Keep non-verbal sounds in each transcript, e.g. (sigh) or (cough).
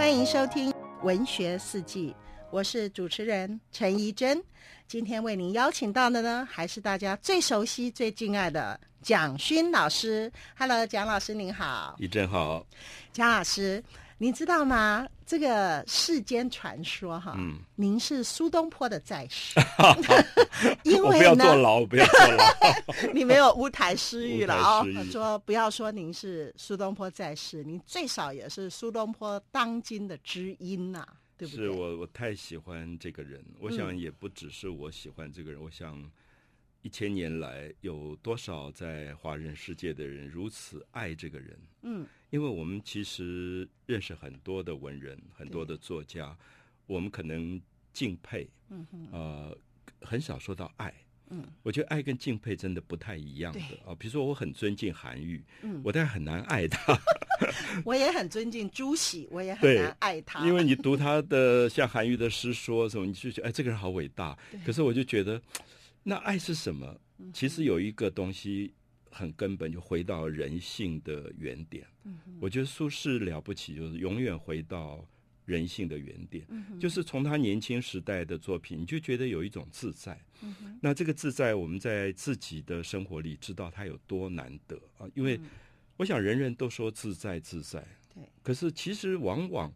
歡迎收聽《文學四季》，我是主持人陳怡蓁。今天為您邀請到的呢，還是大家最熟悉、最敬愛的蔣勳老師。Hello，蔣老師您好，怡蓁好。蔣老師，你知道嗎？這個世間傳說哈、嗯，您是蘇東坡的在世， (laughs) (laughs) (laughs) 因為呢，不要坐牢，不要坐牢， (laughs) 你沒有烏臺詩獄了啊、哦哦。說不要說您是蘇東坡在世，您最少也是蘇東坡當今的知音吶、啊，對不對？是我，我太喜歡這個人，我想也不只是我喜歡這個人，嗯、我想。一千年來，有多少在華人世界的人如此愛這個人？嗯，因為我們其實認識很多的文人、很多的作家，我們可能敬佩，嗯哼，呃，很少說到愛。嗯，我覺得愛跟敬佩真的不太一樣的啊。比如說，我很尊敬韓愈，嗯，我但是很難愛他。 (laughs) 我也很尊敬朱熹，我也很難愛他，因為你讀他的像韓愈的詩說 (laughs) 什麼，你就覺得哎，這個人好偉大。可是我就覺得。那愛是什麼？其實有一個東西很根本，就回到人性的原點。嗯、我覺得蘇軾了不起，就是永遠回到人性的原點。嗯、就是從他年輕時代的作品，你就覺得有一種自在。嗯、那這個自在，我們在自己的生活裡知道它有多難得啊！因為我想人人都說自在自在，對、嗯，可是其實往往。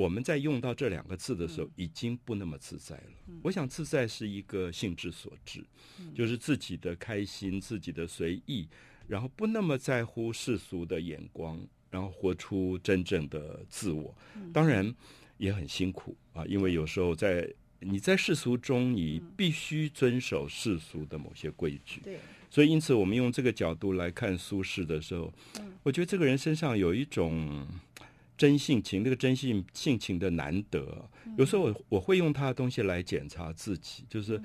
我們在用到這兩個字的時候，已經不那麼自在了、嗯。我想自在是一個興之所至，嗯、就是自己的開心、嗯，自己的隨意，然後不那麼在乎世俗的眼光，然後活出真正的自我。嗯、當然也很辛苦啊，因為有時候在、嗯、你在世俗中，你必須遵守世俗的某些規矩。對、嗯，所以因此我們用這個角度來看蘇軾的時候、嗯，我覺得這個人身上有一種真性情，那個真性性情的難得。嗯、有時候我我會用他的東西來檢查自己，就是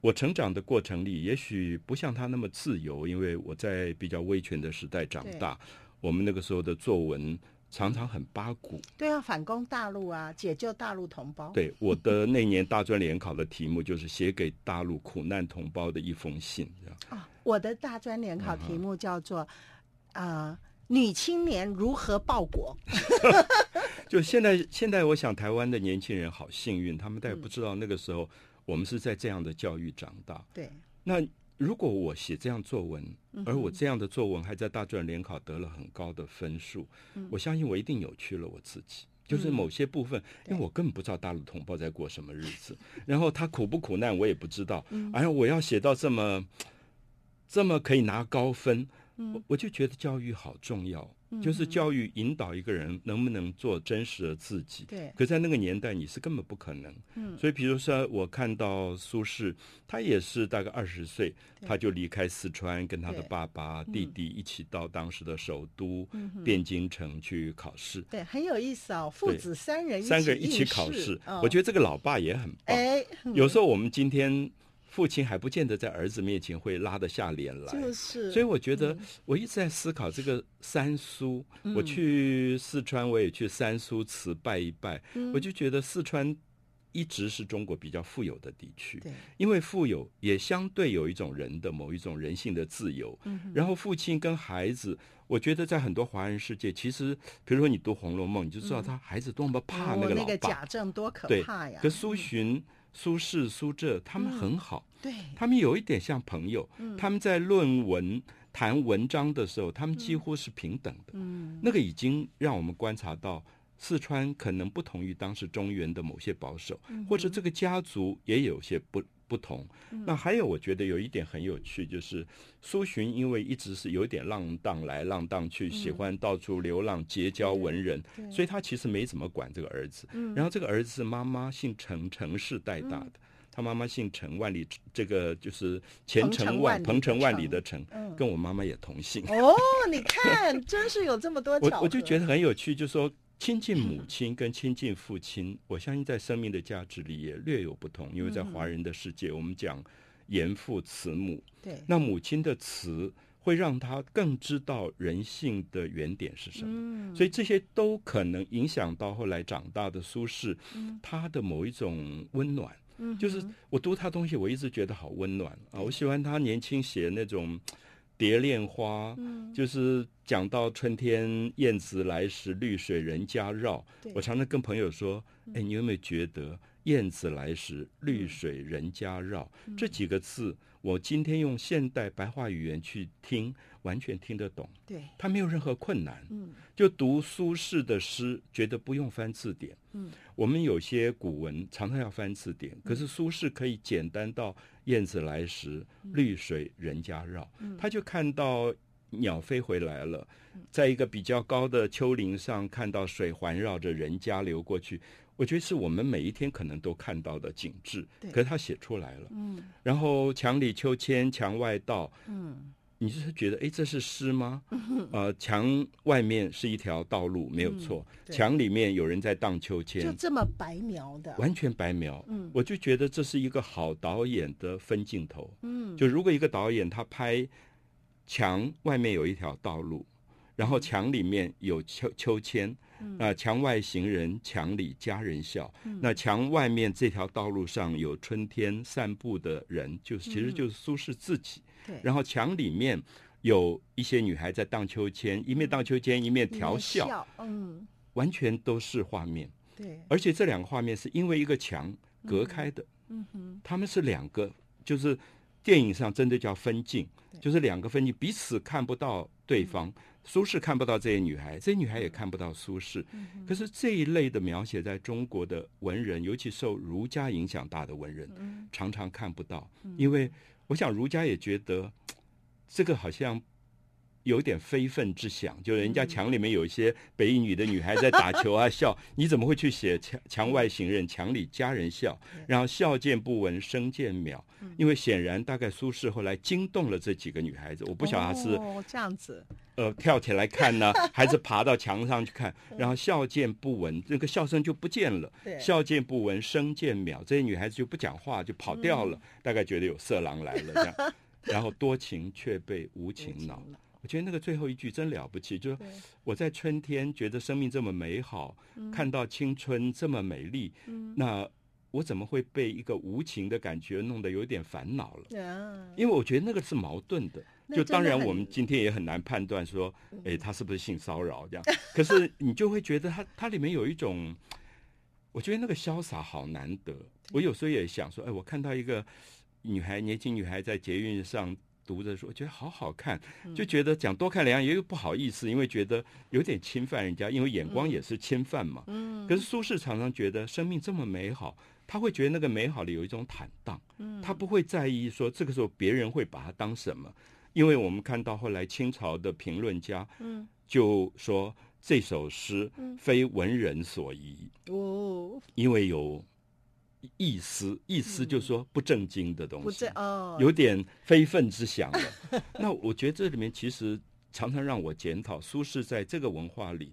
我成長的過程裡，也許不像他那麼自由，因為我在比較威權的時代長大。我們那個時候的作文常常很八股，對啊，要反攻大陸啊，解救大陸同胞。對，我的那年大專聯考的題目就是寫給大陸苦難同胞的一封信。這樣啊，我的大專聯考題目叫做啊。嗯女青年如何報國？ (laughs) (laughs) 就現在，現在我想台灣的年輕人好幸運，他們大概不知道那個時候我們是在這樣的教育長大。對、嗯。那如果我寫這樣作文，而我這樣的作文還在大專聯考得了很高的分數，嗯、我相信我一定扭曲了我自己。就是某些部分、嗯，因為我根本不知道大陸同胞在過什麼日子，然後他苦不苦難我也不知道。而、嗯、哎呀，我要寫到這麼，這麼可以拿高分。我我就覺得教育好重要、嗯，就是教育引導一個人能不能做真實的自己。對，可在那個年代你是根本不可能。嗯，所以比如說我看到蘇軾，他也是大概二十歲，他就離開四川，跟他的爸爸、弟弟一起到當時的首都汴京城去考試對、嗯。對，很有意思哦，父子三人，三個人一起考試、哦。我覺得這個老爸也很棒。哎，嗯、有時候我們今天。父親還不見得在兒子面前會拉得下臉來，就是。所以我覺得我一直在思考這個三蘇。嗯、我去四川，我也去三蘇祠拜一拜、嗯。我就覺得四川一直是中國比較富有的地區。對。因為富有，也相對有一種人的某一種人性的自由、嗯。然後父親跟孩子，我覺得在很多華人世界，其實比如說你讀《紅樓夢》，你就知道他孩子多麼怕那個老。那個賈政，多可怕呀！對。可蘇洵。蘇軾、蘇轍，他們很好，嗯、對，他們有一點像朋友。他們在論文、嗯、談文章的時候，他們幾乎是平等的。嗯、那個已經讓我們觀察到，四川可能不同於當時中原的某些保守，嗯、或者這個家族也有些不。不同，那還有我覺得有一點很有趣，嗯、就是蘇洵因為一直是有點浪蕩來浪蕩去，嗯、喜歡到處流浪結交文人、嗯，所以他其實沒怎麼管這個兒子。嗯、然後這個兒子媽媽姓程，程氏帶大的、嗯，他媽媽姓程萬里，這個就是“前程萬”“鵬程萬里的程”萬里的程“程、嗯”，跟我媽媽也同姓。哦， (laughs) 你看，真是有這麼多。我我就覺得很有趣，就說。親近母親跟親近父親、啊，我相信在生命的價值裡也略有不同。因為在華人的世界，我們講嚴父慈母，對、嗯，那母親的慈會讓他更知道人性的原點是什麼、嗯。所以這些都可能影響到後來長大的蘇軾，他的某一種溫暖，嗯、就是我讀他東西，我一直覺得好溫暖啊！我喜歡他年輕寫那種。《蝶戀花》就是講到春天燕子來時，綠水人家繞、嗯。我常常跟朋友說：“哎，你有沒有覺得‘燕子來時，綠水人家繞’嗯、這幾個字？”我今天用現代白話語言去聽，完全聽得懂。對他沒有任何困難。嗯，就讀蘇軾的詩，覺得不用翻字典。嗯，我們有些古文常常要翻字典，嗯、可是蘇軾可以簡單到“燕子來時，嗯、綠水人家繞”，他，嗯、就看到鳥飛回來了，嗯，在一個比較高的丘陵上，看到水環繞着人家流過去。我覺得是我們每一天可能都看到的景緻，對，可是他寫出來了，嗯，然後牆裡秋千，牆外道，嗯，你是覺得哎、嗯，這是詩嗎、嗯？呃，牆外面是一條道路，嗯、沒有錯，牆裡面有人在蕩秋千，就這麼白描的，完全白描，嗯，我就覺得這是一個好導演的分鏡頭，嗯，就如果一個導演他拍牆外面有一條道路，然後牆裡面有秋秋千。啊、嗯，牆外行人，牆裡佳人笑、嗯。那牆外面這條道路上有春天散步的人，就是，其實就是蘇軾自己、嗯。然後牆裡面有一些女孩在盪秋千，嗯、一面盪秋千一面調笑。嗯。完全都是畫面。對、嗯。而且這兩個畫面是因為一個牆隔開的。嗯哼。他們是兩個，就是電影上真的叫分鏡，就是兩個分鏡彼此看不到對方。嗯蘇軾看不到這些女孩，這些女孩也看不到蘇軾、嗯。可是這一類的描寫，在中國的文人、嗯，尤其受儒家影響大的文人，嗯、常常看不到。嗯、因為我想，儒家也覺得這個好像有點非分之想，就是人家牆裡面有一些北一女的女孩在打球啊、嗯、笑， (laughs) 你怎麼會去寫牆牆外行人，嗯、牆裡佳人笑、嗯？然後笑漸不聞，聲漸渺、嗯。因為顯然，大概蘇軾後來驚動了這幾個女孩子，我不曉得他是哦，這樣子。呃，跳起來看呢，還是爬到牆上去看， (laughs) 然後笑漸不聞，那個笑聲就不見了。笑漸不聞，聲漸渺，這些女孩子就不講話，就跑掉了，嗯、大概覺得有色狼來了這樣。 (laughs) 然後多情卻被無情，無情惱，我覺得那個最後一句真了不起，就是我在春天覺得生命這麼美好，看到青春這麼美麗，嗯、那。我怎麼會被一個無情的感覺弄得有點煩惱了？因為我覺得那個是矛盾的。就當然，我們今天也很難判斷說，哎，他是不是性騷擾這樣。可是你就會覺得，它它裡面有一種，我覺得那個瀟灑好難得。我有時候也想說，哎，我看到一個女孩，年輕女孩在捷運上讀着書，我覺得好好看，就覺得講多看兩眼，也有不好意思，因為覺得有點侵犯人家，因為眼光也是侵犯嘛。可是蘇軾常常覺得生命這麼美好。他會覺得那個美好的有一種坦蕩，嗯，他不會在意說這個時候別人會把他當什麼，因為我們看到後來清朝的評論家，嗯，就說這首詩非文人所宜，嗯、哦，因為有意思，意思就是說不正經的東西，不是哦，有點非分之想的。 (laughs) 那我覺得這裡面其實常常讓我檢討，蘇軾在這個文化裡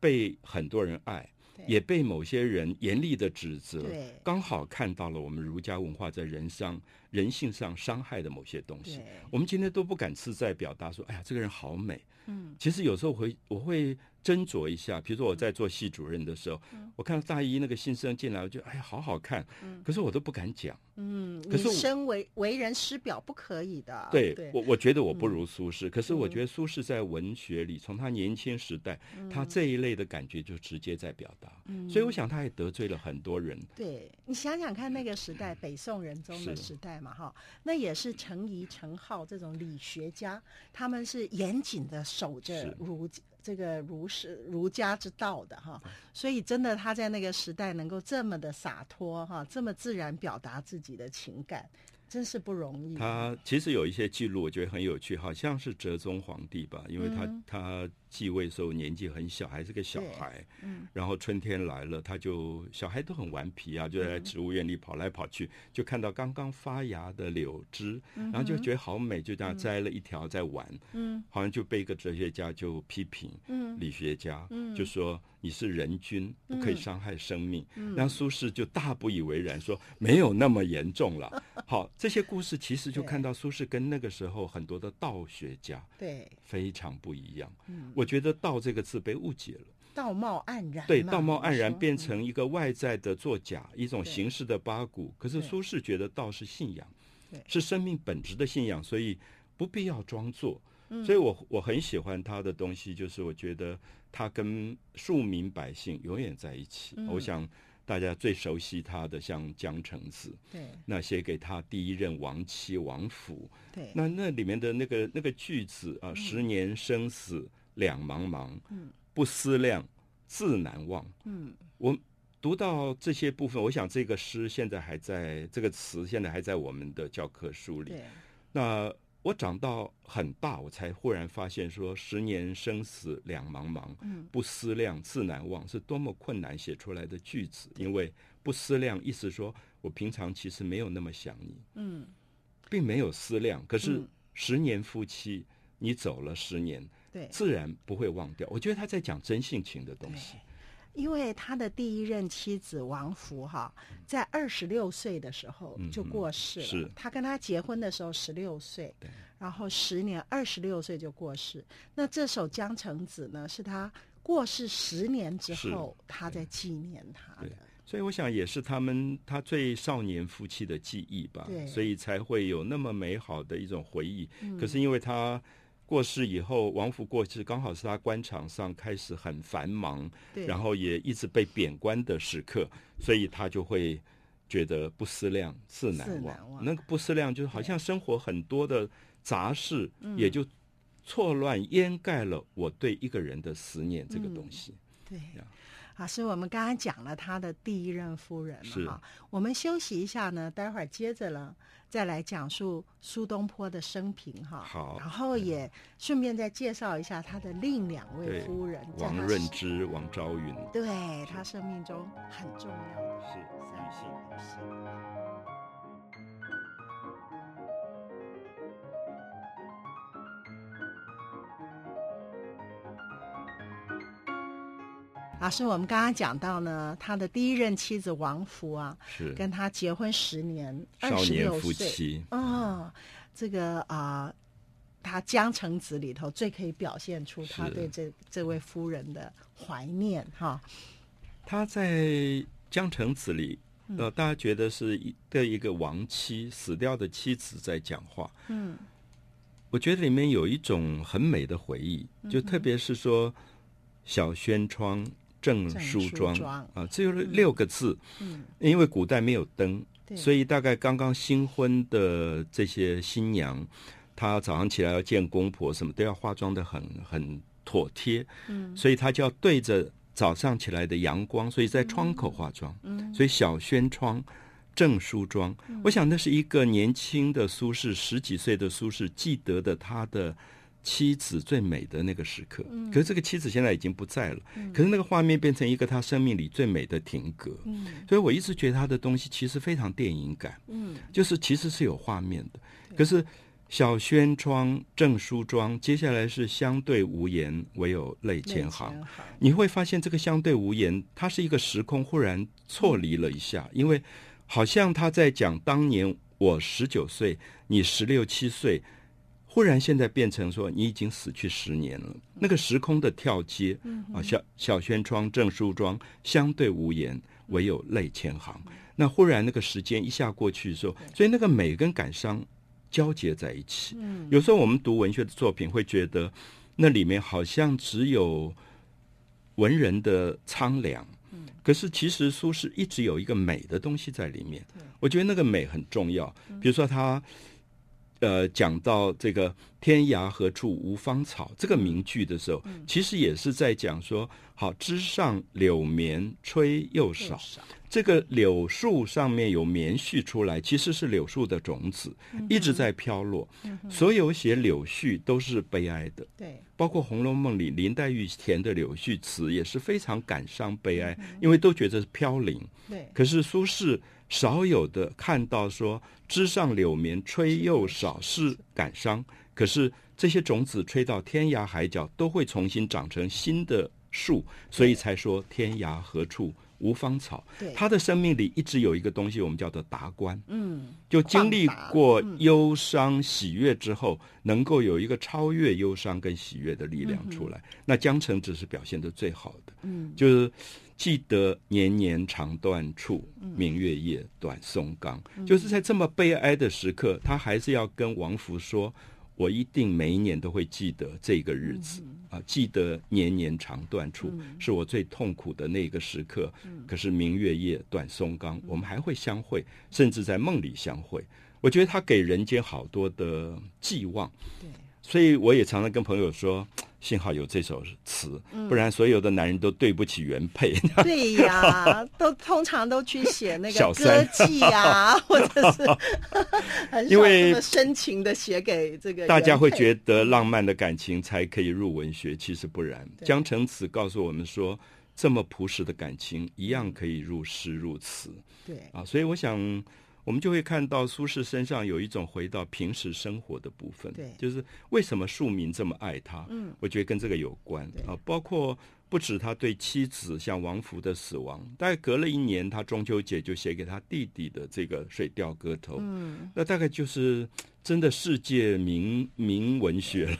被很多人愛也被某些人嚴厲的指責，剛好看到了我們儒家文化在人上人性上，傷害的某些東西。我們今天都不敢自在表達，說：“哎呀，這個人好美。”嗯，其實有時候會我會。我會斟酌一下，比如說我在做系主任的時候，嗯、我看到大一那個新生進來，我就哎呀，好好看，嗯，可是我都不敢講。嗯，可是身為為人師表，不可以的。對，對我我覺得我不如蘇軾，嗯，可是我覺得蘇軾在文學裡，嗯，從他年輕時代，嗯，他這一類的感覺就直接在表達。嗯、所以我想，他也得罪了很多人。嗯、對你想想看，那個時代，嗯、北宋仁宗的時代嘛，哈，那也是程頤、程顥這種理學家，他們是嚴謹的守着儒家。這個儒是儒家之道的哈，所以真的他在那個時代能夠這麼的灑脫哈，這麼自然表達自己的情感，真是不容易。他其實有一些記錄，我覺得很有趣，好像是哲宗皇帝吧，因為他、嗯、他。繼位時候年紀很小，還是個小孩。嗯。然後春天來了，他就小孩都很頑皮啊，就在植物園裡跑來跑去、嗯，就看到剛剛發芽的柳枝、嗯，然後就覺得好美，就這樣摘了一條在玩。嗯。好像就被一個哲學家就批評。嗯。理學家。嗯。就說，你是人君，不可以傷害生命。嗯。那、嗯、蘇軾就大不以為然，說沒有那麼嚴重了。好，這些故事其實就看到蘇軾跟那個時候很多的道學家對非常不一樣。嗯。我覺得“道”這個字被誤解了，“道貌岸然”對，“道貌岸然”變成一個外在的作假、嗯，一種形式的八股。可是蘇軾覺得“道”是信仰，對，是生命本質的信仰，所以不必要裝作。所以我我很喜歡他的東西，就是我覺得他跟庶民百姓永遠在一起。我想大家最熟悉他的，像《江城子》，對，那寫給他第一任亡妻王弗，對，那那裡面的那個那個句子啊，“十年生死”。兩茫茫，嗯，不思量，自難忘，嗯，我讀到這些部分，我想這個詩現在還在，這個詞現在還在我們的教科書裡。那我長到很大，我才忽然發現說，十年生死兩茫茫，嗯，不思量，自難忘，是多麼困難寫出來的句子。因為不思量，意思說我平常其實沒有那麼想你，嗯，並沒有思量，可是十年夫妻，你走了十年。對，自然不會忘掉。我覺得他在講真性情的東西，因為他的第一任妻子王弗哈、啊，在二十六歲的時候就過世了。嗯嗯、是他跟他結婚的時候十六歲，對，然後十年，二十六歲就過世。那這首《江城子》呢，是他過世十年之後，他在紀念他的。對，對，所以我想，也是他們，他最少年夫妻的記憶吧。對，所以才會有那麼美好的一種回憶。嗯、可是因為他。過世以後，王府過世剛好是他官場上開始很繁忙，對，然後也一直被貶官的時刻，所以他就會覺得不思量，自難忘。難忘那個不思量，就是好像生活很多的雜事，也就錯亂掩蓋了我對一個人的思念這個東西。嗯、對。啊，是我們剛剛講了他的第一任夫人哈、哦，我們休息一下呢，待會兒接着呢，再來講述蘇東坡的生平哈、哦，好，然後也順便再介紹一下他的另兩位夫人，這個，王潤之、王朝雲。對他生命中很重要的三性。是是是是老、啊、師，我們剛剛講到呢，他的第一任妻子王弗啊，是跟他結婚十年，少年夫妻。啊、哦嗯，這個啊、呃，他《江城子》裡頭最可以表現出他對這這位夫人的懷念哈。他在《江城子》裡，呃，大家覺得是對一個亡妻，死掉的妻子在講話。嗯，我覺得裡面有一種很美的回憶，嗯嗯就特別是說小軒窗。正梳妝，正梳妝啊，只有六個字。嗯，因為古代沒有燈、嗯，所以大概剛剛新婚的這些新娘，她早上起來要見公婆，什麼都要化妝得很很妥帖。嗯，所以她就要對着早上起來的陽光，所以在窗口化妝。嗯，所以小軒窗，正梳妝、嗯。我想那是一個年輕的蘇軾，十幾歲的蘇軾，記得的他的，妻子最美的那個時刻，可是這個妻子現在已經不在了。嗯、可是那個畫面變成一個他生命裡最美的停格，嗯、所以我一直覺得他的東西其實非常電影感。嗯，就是其實是有畫面的。嗯、可是小軒窗正梳妝，接下來是相對無言，唯有淚千行，行。你會發現這個相對無言，它是一個時空忽然錯離了一下，因為好像他在講當年我十九歲，你十六七歲。忽然，現在變成說你已經死去十年了。那個時空的跳接、嗯，啊，小小軒窗正梳妝，相對無言，唯有淚千行、嗯。那忽然，那個時間一下過去的時候，所以那個美跟感傷交結在一起。嗯，有時候我們讀文學的作品，會覺得那裡面好像只有文人的蒼涼。嗯，可是其實蘇軾一直有一個美的東西在裡面。我覺得那個美很重要。比如說他。嗯呃，講到這個“天涯何處無芳草”這個名句的時候，嗯、其實也是在講說：好，枝上柳綿吹又少，少。這個柳樹上面有棉絮出來，其實是柳樹的種子、嗯、一直在飄落。嗯、所有寫柳絮都是悲哀的，對、嗯，包括《紅樓夢》裡林黛玉填的柳絮詞也是非常感傷悲哀，嗯、因為都覺得是飄零、嗯。對，可是蘇軾。少有的看到說，枝上柳綿吹又少是感傷，可是這些種子吹到天涯海角都會重新長成新的樹，所以才說天涯何處。無芳草。對，他的生命裡一直有一個東西，我們叫做達觀。嗯，就經歷過憂傷、喜悅之後，嗯，能夠有一個超越憂傷跟喜悅的力量出來。嗯、那江城子是表現得最好的。嗯，就是記得年年腸斷處，明月夜，短松岡、嗯。就是在這麼悲哀的時刻，他還是要跟王弗說。我一定每一年都會記得這個日子、嗯、啊，記得年年腸斷處、嗯、是我最痛苦的那個時刻。嗯、可是明月夜，短松岡，我們還會相會，甚至在夢裡相會。我覺得他給人間好多的寄望。對。所以我也常常跟朋友說，幸好有這首詞，嗯、不然所有的男人都對不起原配。對呀， (laughs) 都通常都去寫那個歌妓呀、啊， (laughs) 或者是因為 (laughs) 深情的寫給這個，大家會覺得浪漫的感情才可以入文學，其實不然。江城子告訴我們說，這麼樸實的感情一樣可以入詩入詞。對啊，所以我想。我們就會看到蘇軾身上有一種回到平時生活的部分，對，就是為什麼庶民這麼愛他？嗯，我覺得跟這個有關啊，包括。不止他對妻子像王弗的死亡，大概隔了一年，他中秋節就寫給他弟弟的這個《水調歌頭》。嗯，那大概就是真的世界名名文學了。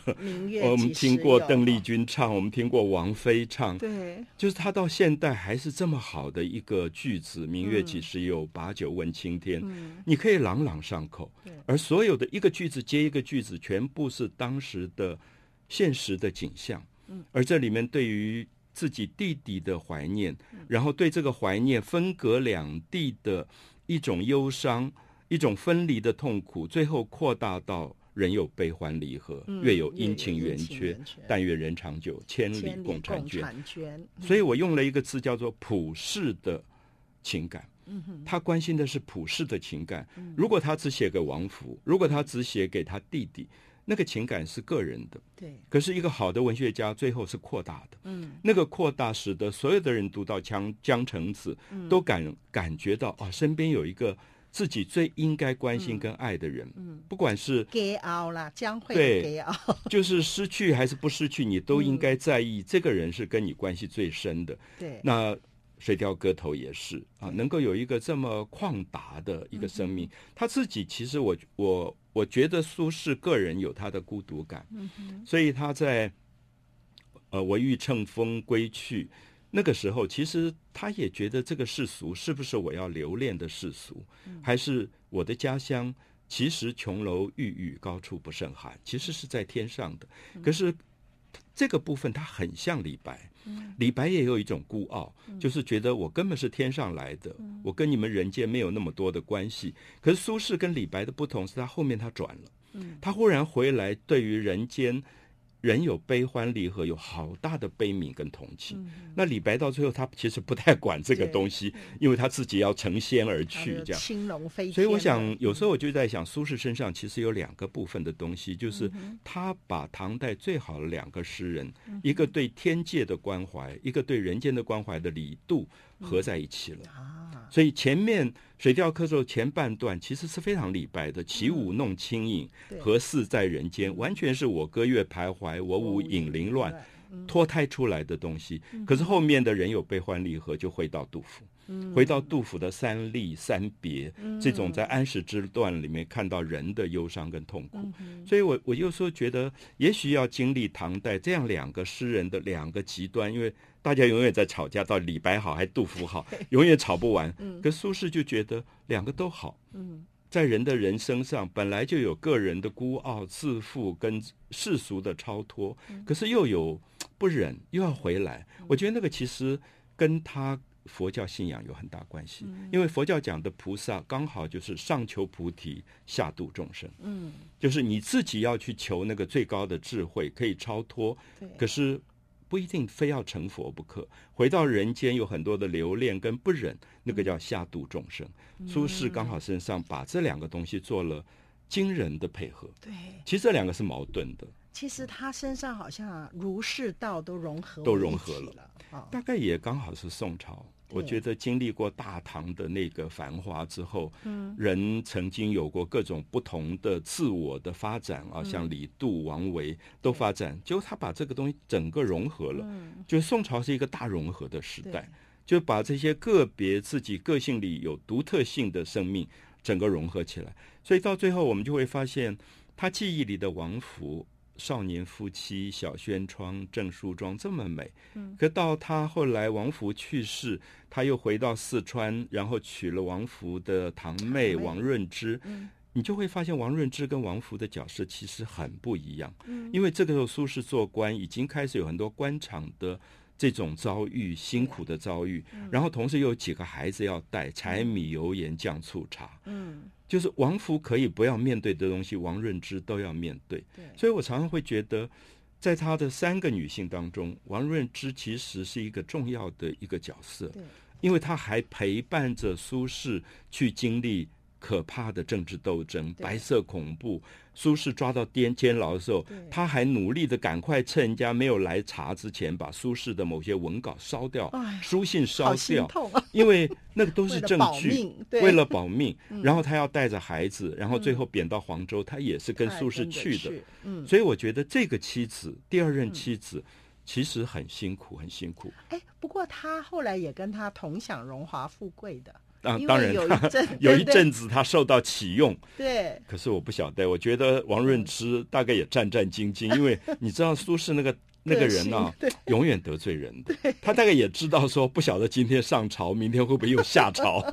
我們聽過鄧麗君唱，嗯、我們聽過王菲唱，對，就是他到現在還是這麼好的一個句子：“明月幾時有，把酒問青天。嗯”你可以朗朗上口。而所有的一個句子接一個句子，全部是當時的現實的景象。嗯，而這裡面對於自己弟弟的懷念、嗯，然後對這個懷念分隔兩地的一種憂傷、一種分離的痛苦，最後擴大到人有悲歡離合，月、嗯、有陰晴圓缺，但願人長久，千里共嬋娟、嗯。所以我用了一個詞叫做“普世”的情感。嗯哼，他關心的是普世的情感、嗯。如果他只寫給王弗，如果他只寫給他弟弟。那個情感是個人的，對。可是一個好的文學家，最後是擴大的，嗯。那個擴大使得所有的人讀到江、《江城子》嗯，都感感覺到啊，身邊有一個自己最應該關心跟愛的人，嗯，嗯不管是。給熬啦，將會給熬。就是失去還是不失去，你都應該在意。嗯、這個人是跟你關係最深的，對、嗯。那。水調歌頭也是啊，能夠有一個這麼曠達的一個生命，嗯，他自己其實我我我覺得蘇軾個人有他的孤獨感，嗯哼，所以他在呃，我欲乘風歸去那個時候，其實他也覺得這個世俗是不是我要留戀的世俗，嗯，還是我的家鄉？其實瓊樓玉宇，高處不勝寒，其實是在天上的，可是。這個部分他很像李白，李白也有一種孤傲，就是覺得我根本是天上來的，我跟你們人間沒有那麼多的關係。可是蘇軾跟李白的不同是，他後面他轉了，他忽然回來，對於人間。人有悲歡離合，有好大的悲憫跟同情、嗯。那李白到最後，他其實不太管這個東西，因為他自己要成仙而去，這樣。青龍飛天。所以我想，有時候我就在想，蘇軾身上其實有兩個部分的東西，就是他把唐代最好的兩個詩人，一個對天界的關懷，一個對人間的關懷的李杜。合在一起了，嗯啊、所以前面《水調歌頭》前半段其實是非常李白的“起舞弄清影，何、嗯、似在人間”，完全是我歌月徘徊，我舞影零亂、嗯，脫胎出來的東西、嗯。可是後面的人有悲歡離合，就回到杜甫。嗯嗯回到杜甫的三吏三別、嗯，這種在安史之亂裡面看到人的憂傷跟痛苦，嗯、所以我我又說覺得，也許要經歷唐代這樣兩個詩人的兩個極端，因為大家永遠在吵架，到李白好還杜甫好，永遠吵不完。嗯、可蘇軾就覺得兩個都好。嗯，在人的人生上，本來就有個人的孤傲自負跟世俗的超脫，嗯、可是又有不忍又要回來。我覺得那個其實跟他。佛教信仰有很大關係、嗯，因為佛教講的菩薩剛好就是上求菩提，下度眾生。嗯，就是你自己要去求那個最高的智慧，可以超脫。對。可是不一定非要成佛不可。回到人間有很多的留戀跟不忍，那個叫下度眾生。嗯、蘇軾剛好身上把這兩個東西做了驚人的配合。對。其實這兩個是矛盾的。其實他身上好像儒釋道都融合了，都融合了。哦，大概也剛好是宋朝。我覺得經歷過大唐的那個繁華之後，嗯，人曾經有過各種不同的自我的發展啊，嗯、像李杜、王維都發展，就、嗯、結果，他把這個東西整個融合了。嗯、就宋朝是一個大融合的時代，就把這些個別自己個性裡有獨特性的生命整個融合起來。所以到最後，我們就會發現他記憶裡的王弗。少年夫妻小軒窗，正梳妝，這麼美。可到他後來王弗去世，他又回到四川，然後娶了王弗的堂妹王閏之。你就會發現王閏之跟王弗的角色其實很不一樣。因為這個時候蘇軾做官，已經開始有很多官場的。這種遭遇，辛苦的遭遇，嗯、然後同時又有幾個孩子要帶，柴米油鹽醬醋茶，嗯，就是王弗可以不要面對的東西，王潤之都要面對，對。所以我常常會覺得，在他的三個女性當中，王潤之其實是一個重要的一個角色，對，因為他還陪伴着蘇軾去經歷。可怕的政治鬥爭，白色恐怖。蘇、嗯、軾抓到監監牢的時候，他還努力的趕快趁人家沒有來查之前，把蘇軾的某些文稿燒掉，書信燒掉，心痛啊，因為那個都是證據。 (laughs) 為了保命，為了保命、嗯，然後他要帶着孩子，然後最後貶到黃州，嗯，他也是跟蘇軾去的去。嗯，所以我覺得這個妻子，第二任妻子，嗯，其實很辛苦，很辛苦。哎，不過他後來也跟他同享榮華富貴的。當當然，他有一陣子他受到啟用，對，對。可是我不曉得，我覺得王閏之大概也戰戰兢兢，因為你知道蘇軾那個、嗯、那個人啊，永遠得罪人的。他大概也知道說，不曉得今天上朝，明天會不會又下朝，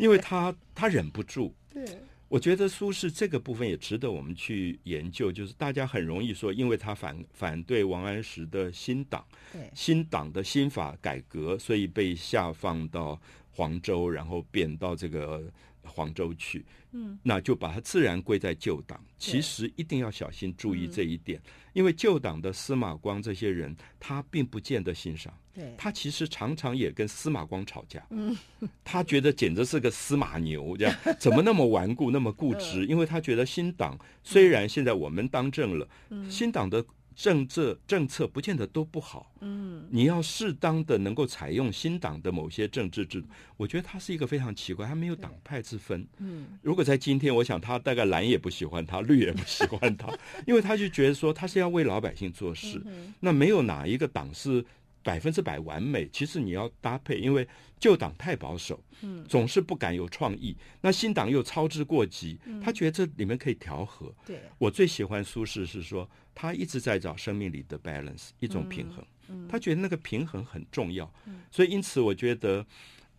因為他他忍不住。對，我覺得蘇軾這個部分也值得我們去研究，就是大家很容易說，因為他反反對王安石的新黨，對新黨的新法改革，所以被下放到。黃州，然後貶到這個黃州去，嗯，那就把他自然歸在舊黨。其實一定要小心注意這一點，嗯，因為舊黨的司馬光這些人，他並不見得欣賞。對，他其實常常也跟司馬光吵架，嗯，他覺得簡直是個司馬牛，嗯，這樣怎麼那麼頑固， (laughs) 那麼固執？因為他覺得新黨雖然現在我們當政了，嗯，新黨的。政策，政策不見得都不好，嗯，你要適當的能夠採用新黨的某些政治制度，我覺得他是一個非常奇怪，他沒有黨派之分，嗯，如果在今天，我想他大概藍也不喜歡他，綠也不喜歡他， (laughs) 因為他就覺得說他是要為老百姓做事，嗯、那沒有哪一個黨是。百分之百完美，其實你要搭配，因為舊黨太保守，嗯，總是不敢有創意。那新黨又操之過急，嗯，他覺得這裡面可以調和。對，我最喜歡蘇軾是說，他一直在找生命裡的 balance，一種平衡。嗯，他覺得那個平衡很重要，嗯，所以因此我覺得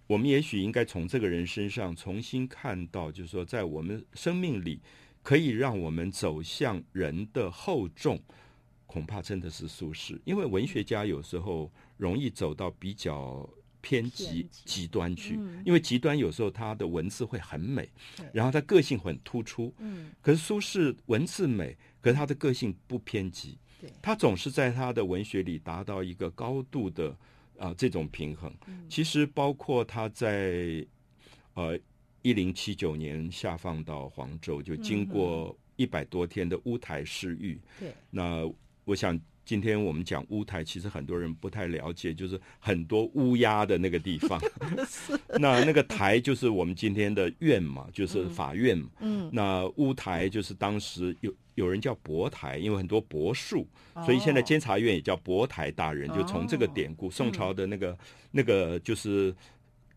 我們也許應該從這個人身上重新看到，就是說在我們生命裡可以讓我們走向人的厚重。恐怕真的是蘇軾，因為文學家有時候容易走到比較偏激極端去、嗯，因為極端有時候他的文字會很美，然後他個性很突出。嗯、可是蘇軾文字美，可是他的個性不偏激。對，他總是在他的文學裡達到一個高度的啊、呃、這種平衡、嗯。其實包括他在呃一零七九年下放到黃州，就經過一百多天的烏台詩獄、嗯。對，那。我想今天我們講烏臺，其實很多人不太了解，就是很多烏鴉的那個地方 (laughs) 是笑那那個臺就是我們今天的院嘛，就是法院嘛。嗯。那烏臺就是當時有有人叫柏台，因為很多柏樹，所以現在監察院也叫柏台大人，就從這個典故，宋朝的那個那個就是。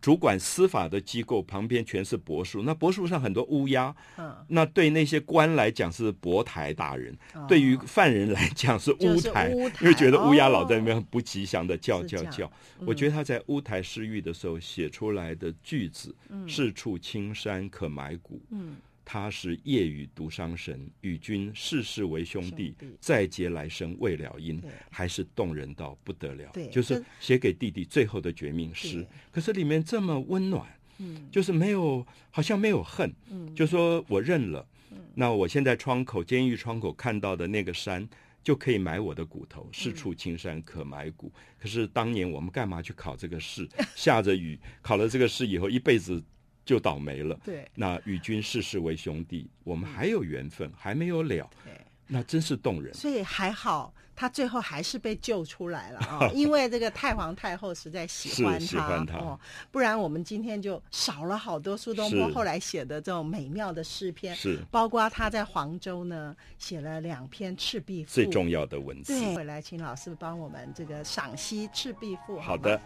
主管司法的機構旁邊全是柏樹，那柏樹上很多烏鴉，嗯。那對那些官來講是柏台大人，嗯，對於犯人來講是烏臺，就是烏臺，因為覺得烏鴉老在那邊很不吉祥的叫叫叫。我覺得他在烏臺詩獄的時候寫出來的句子，“嗯，是處青山可埋骨。”嗯。嗯他是夜雨獨傷神，與君世世為兄弟，兄弟再結來生未了因，還是動人到不得了。對。就是寫給弟弟最後的絕命詩，可是裡面這麼溫暖、嗯，就是沒有，好像沒有恨。嗯、就說我認了、嗯，那我現在窗口監獄窗口看到的那個山，就可以埋我的骨頭。是處青山可埋骨、嗯，可是當年我們幹嘛去考這個試？ (laughs) 下着雨，考了這個試以後，一輩子。就倒霉了。對。那與君世世為兄弟，我們還有緣分、嗯，還沒有了。對。那真是動人。所以還好，他最後還是被救出來了啊、哦！ (laughs) 因為這個太皇太后實在喜歡他， (laughs) 喜歡他哦，不然我們今天就少了好多蘇東坡後來寫的這種美妙的詩篇。是。包括他在黃州呢，寫了兩篇《赤壁賦》。最重要的文字。對。回來，請老師幫我們這個賞析《赤壁賦》好。好的。